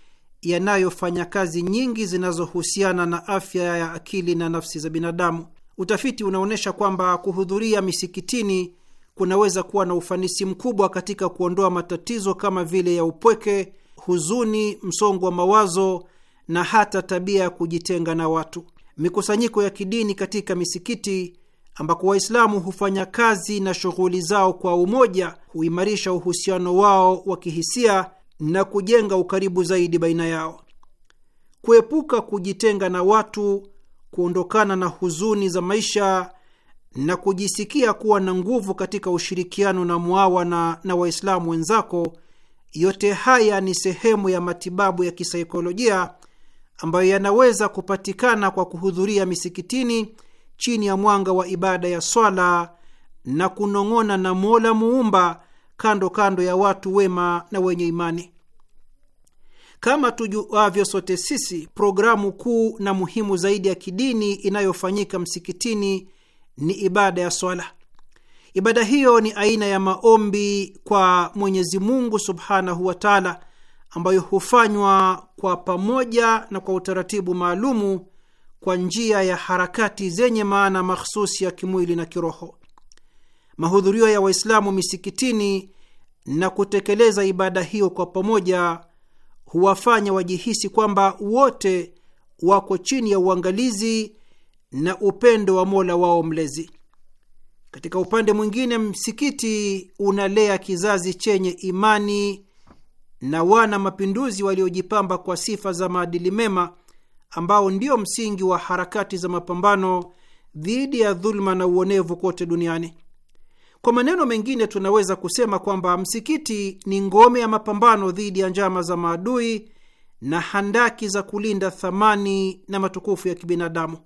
yanayofanya kazi nyingi zinazohusiana na afya ya akili na nafsi za binadamu. Utafiti unaonyesha kwamba kuhudhuria misikitini kunaweza kuwa na ufanisi mkubwa katika kuondoa matatizo kama vile ya upweke, huzuni, msongo wa mawazo na hata tabia ya kujitenga na watu. Mikusanyiko ya kidini katika misikiti ambako Waislamu hufanya kazi na shughuli zao kwa umoja, huimarisha uhusiano wao wa kihisia na kujenga ukaribu zaidi baina yao. Kuepuka kujitenga na watu, kuondokana na huzuni za maisha na kujisikia kuwa na nguvu katika ushirikiano na muawana na Waislamu wenzako, yote haya ni sehemu ya matibabu ya kisaikolojia ambayo yanaweza kupatikana kwa kuhudhuria misikitini chini ya mwanga wa ibada ya swala na kunong'ona na Mola Muumba kando kando ya watu wema na wenye imani. Kama tujuavyo sote sisi, programu kuu na muhimu zaidi ya kidini inayofanyika msikitini ni ibada ya swala. Ibada hiyo ni aina ya maombi kwa Mwenyezi Mungu subhanahu wa taala, ambayo hufanywa kwa pamoja na kwa utaratibu maalumu kwa njia ya harakati zenye maana mahsusi ya kimwili na kiroho. Mahudhurio ya Waislamu misikitini na kutekeleza ibada hiyo kwa pamoja huwafanya wajihisi kwamba wote wako chini ya uangalizi na upendo wa Mola wao Mlezi. Katika upande mwingine, msikiti unalea kizazi chenye imani na wana mapinduzi waliojipamba kwa sifa za maadili mema ambao ndio msingi wa harakati za mapambano dhidi ya dhuluma na uonevu kote duniani. Kwa maneno mengine, tunaweza kusema kwamba msikiti ni ngome ya mapambano dhidi ya njama za maadui na handaki za kulinda thamani na matukufu ya kibinadamu,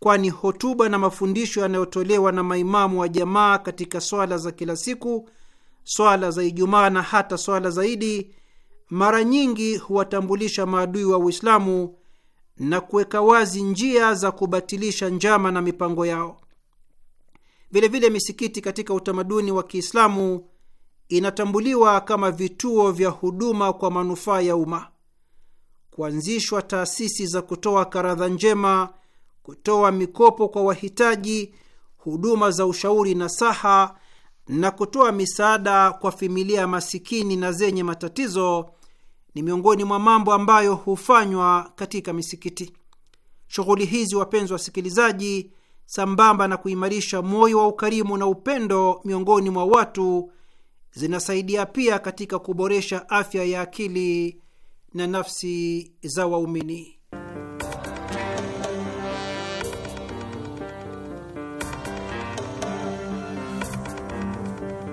kwani hotuba na mafundisho yanayotolewa na maimamu wa jamaa katika swala za kila siku, swala za Ijumaa na hata swala zaidi mara nyingi huwatambulisha maadui wa Uislamu na kuweka wazi njia za kubatilisha njama na mipango yao. Vilevile vile misikiti katika utamaduni wa Kiislamu inatambuliwa kama vituo vya huduma kwa manufaa ya umma. Kuanzishwa taasisi za kutoa karadha njema, kutoa mikopo kwa wahitaji, huduma za ushauri na saha na kutoa misaada kwa familia masikini na zenye matatizo ni miongoni mwa mambo ambayo hufanywa katika misikiti. Shughuli hizi, wapenzi wasikilizaji, sambamba na kuimarisha moyo wa ukarimu na upendo miongoni mwa watu, zinasaidia pia katika kuboresha afya ya akili na nafsi za waumini.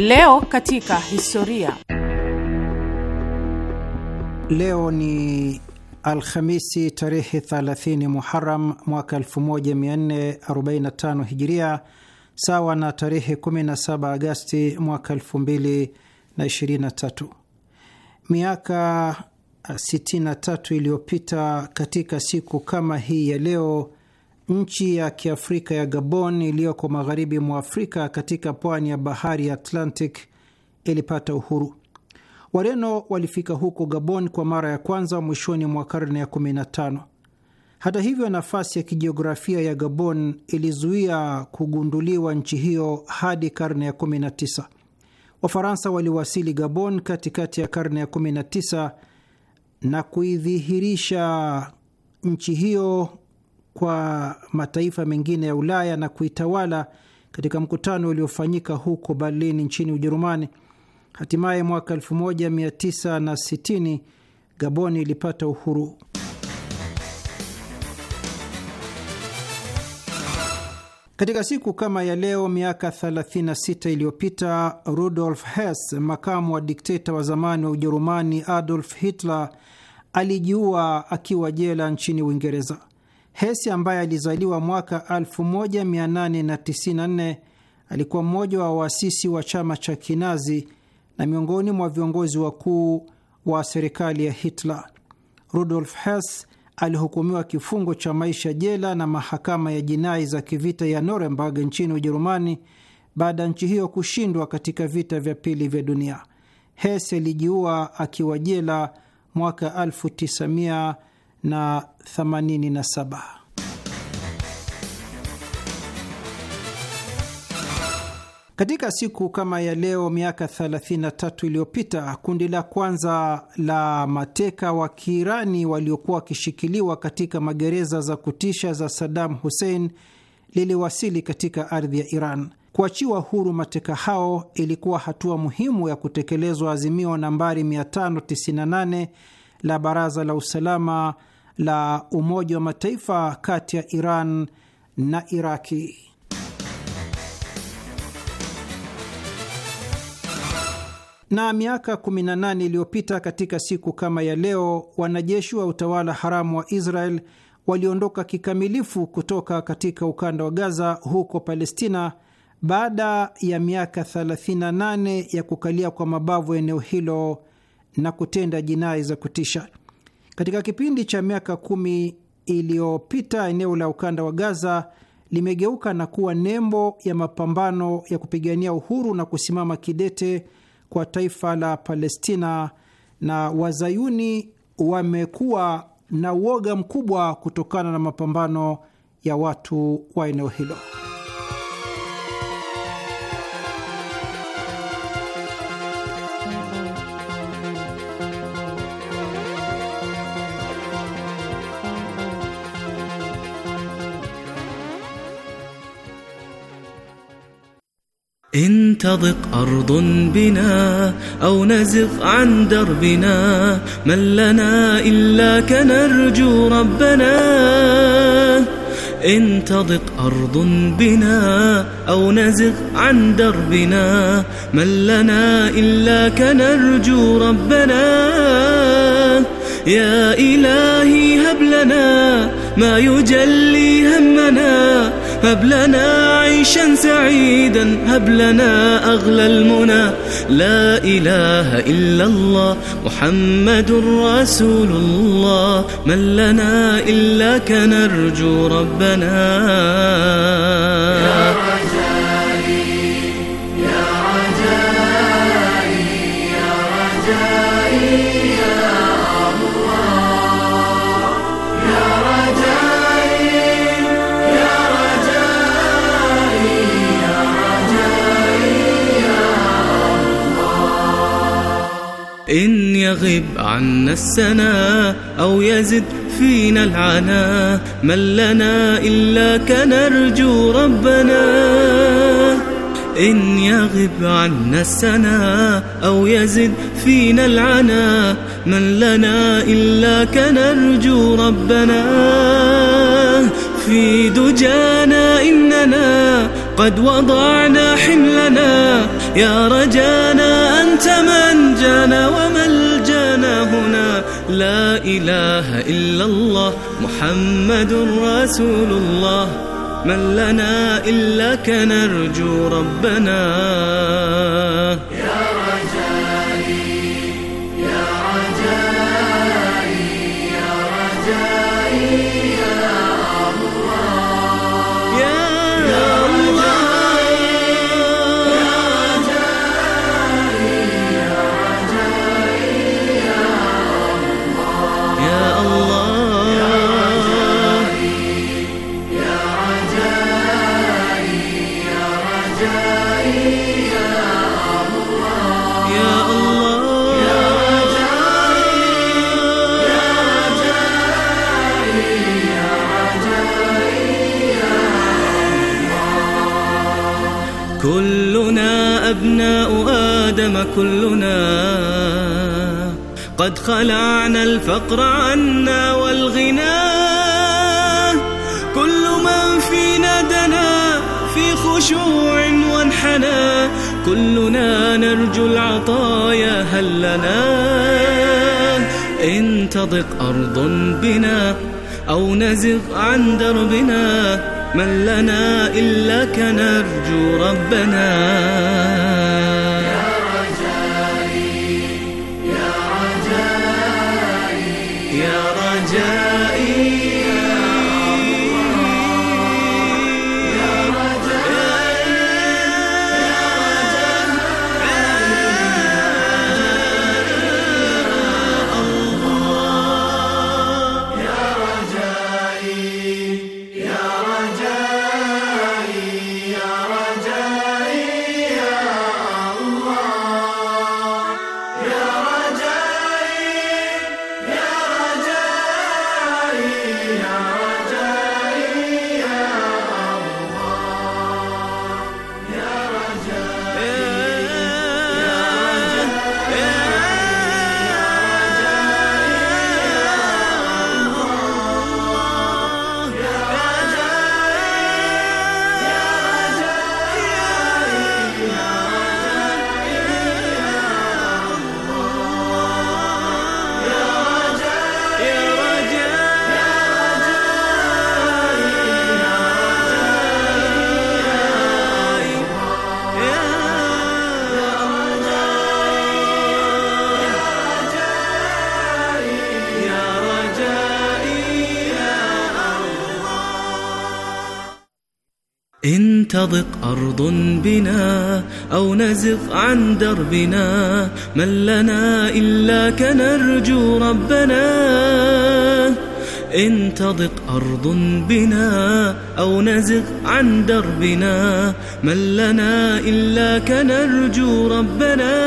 Leo katika historia. Leo ni Alhamisi tarehe 30 Muharam mwaka 1445 Hijiria, sawa na tarehe 17 Agasti mwaka 2023. Miaka 63 iliyopita katika siku kama hii ya leo Nchi ya kiafrika ya Gabon iliyoko magharibi mwa Afrika katika pwani ya bahari ya Atlantic ilipata uhuru. Wareno walifika huko Gabon kwa mara ya kwanza mwishoni mwa karne ya 15. Hata hivyo, nafasi ya kijiografia ya Gabon ilizuia kugunduliwa nchi hiyo hadi karne ya 19. Wafaransa waliwasili Gabon katikati ya karne ya 19 na kuidhihirisha nchi hiyo kwa mataifa mengine ya Ulaya na kuitawala katika mkutano uliofanyika huko Berlin nchini Ujerumani. Hatimaye mwaka 1960 Gaboni ilipata uhuru. Katika siku kama ya leo miaka 36 iliyopita Rudolf Hess, makamu wa dikteta wa zamani wa Ujerumani Adolf Hitler, alijiua akiwa jela nchini Uingereza. Hesi ambaye alizaliwa mwaka 1894 alikuwa mmoja wa waasisi wa chama cha Kinazi na miongoni mwa viongozi wakuu wa serikali ya Hitler. Rudolf Hess alihukumiwa kifungo cha maisha jela na mahakama ya jinai za kivita ya Nuremberg nchini Ujerumani baada ya nchi hiyo kushindwa katika vita vya pili vya dunia. Hess alijiua akiwa jela mwaka na 87. Katika siku kama ya leo miaka 33 iliyopita kundi la kwanza la mateka wa Kiirani waliokuwa wakishikiliwa katika magereza za kutisha za Saddam Hussein liliwasili katika ardhi ya Iran. Kuachiwa huru mateka hao ilikuwa hatua muhimu ya kutekelezwa azimio nambari 598 la Baraza la Usalama la Umoja wa Mataifa kati ya Iran na Iraki. Na miaka 18 iliyopita katika siku kama ya leo, wanajeshi wa utawala haramu wa Israel waliondoka kikamilifu kutoka katika ukanda wa Gaza huko Palestina baada ya miaka 38 ya kukalia kwa mabavu eneo hilo na kutenda jinai za kutisha. Katika kipindi cha miaka kumi iliyopita eneo la ukanda wa Gaza limegeuka na kuwa nembo ya mapambano ya kupigania uhuru na kusimama kidete kwa taifa la Palestina, na wazayuni wamekuwa na uoga mkubwa kutokana na mapambano ya watu wa eneo hilo. إن تضق أرض بنا أو نزف عن دربنا من لنا إلا كنرجو ربنا إن تضق أرض بنا أو نزف عن دربنا من لنا إلا كنرجو ربنا يا إلهي هب لنا ما يجلي همنا هب لنا عيشا سعيدا هب لنا أغلى المنى لا إله إلا الله محمد رسول الله من لنا إلا كنرجو ربنا يا إن يغب عنا السنا أو يزد فينا العنا من لنا إلا كنرجو ربنا إن يغب عنا السنا أو يزد فينا العنا من لنا إلا كنرجو ربنا في دجانا إننا قد وضعنا حملنا يا رجانا أنت من جانا وملجانا هنا لا إله إلا الله محمد رسول الله من لنا إلا كنرجو ربنا يا كلنا قد خلعنا الفقر عنا والغنى كل من فينا دنا في خشوع وانحنى كلنا نرجو العطايا هل لنا إن تضق أرض بنا أو نزغ عن دربنا من لنا إلا كنرجو ربنا يزغ عن دربنا من لنا إلا كنرجو ربنا إن تضق أرض بنا أو نزغ عن دربنا من لنا إلا كنرجو ربنا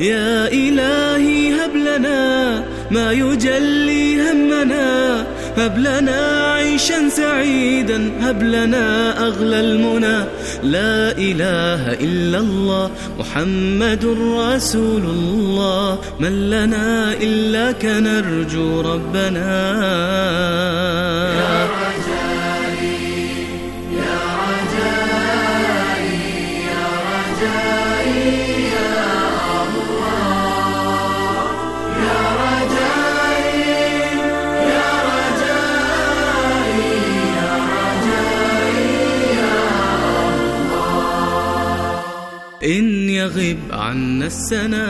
يا إلهي هب لنا ما يجلي همنا هب لنا عيشا سعيدا هب لنا أغلى المنى لا إله إلا الله محمد رسول الله من لنا إلا كنرجو ربنا يا رجل إن يغب عنا السنا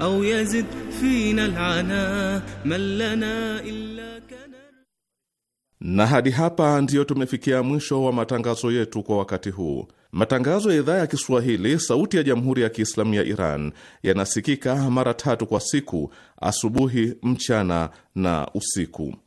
أو يزد فينا العنا من لنا إلا كنا na hadi hapa ndiyo tumefikia mwisho wa matangazo yetu kwa wakati huu. Matangazo ya idhaa ya Kiswahili sauti ya jamhuri ya Kiislamu ya Iran yanasikika mara tatu kwa siku: asubuhi, mchana na usiku.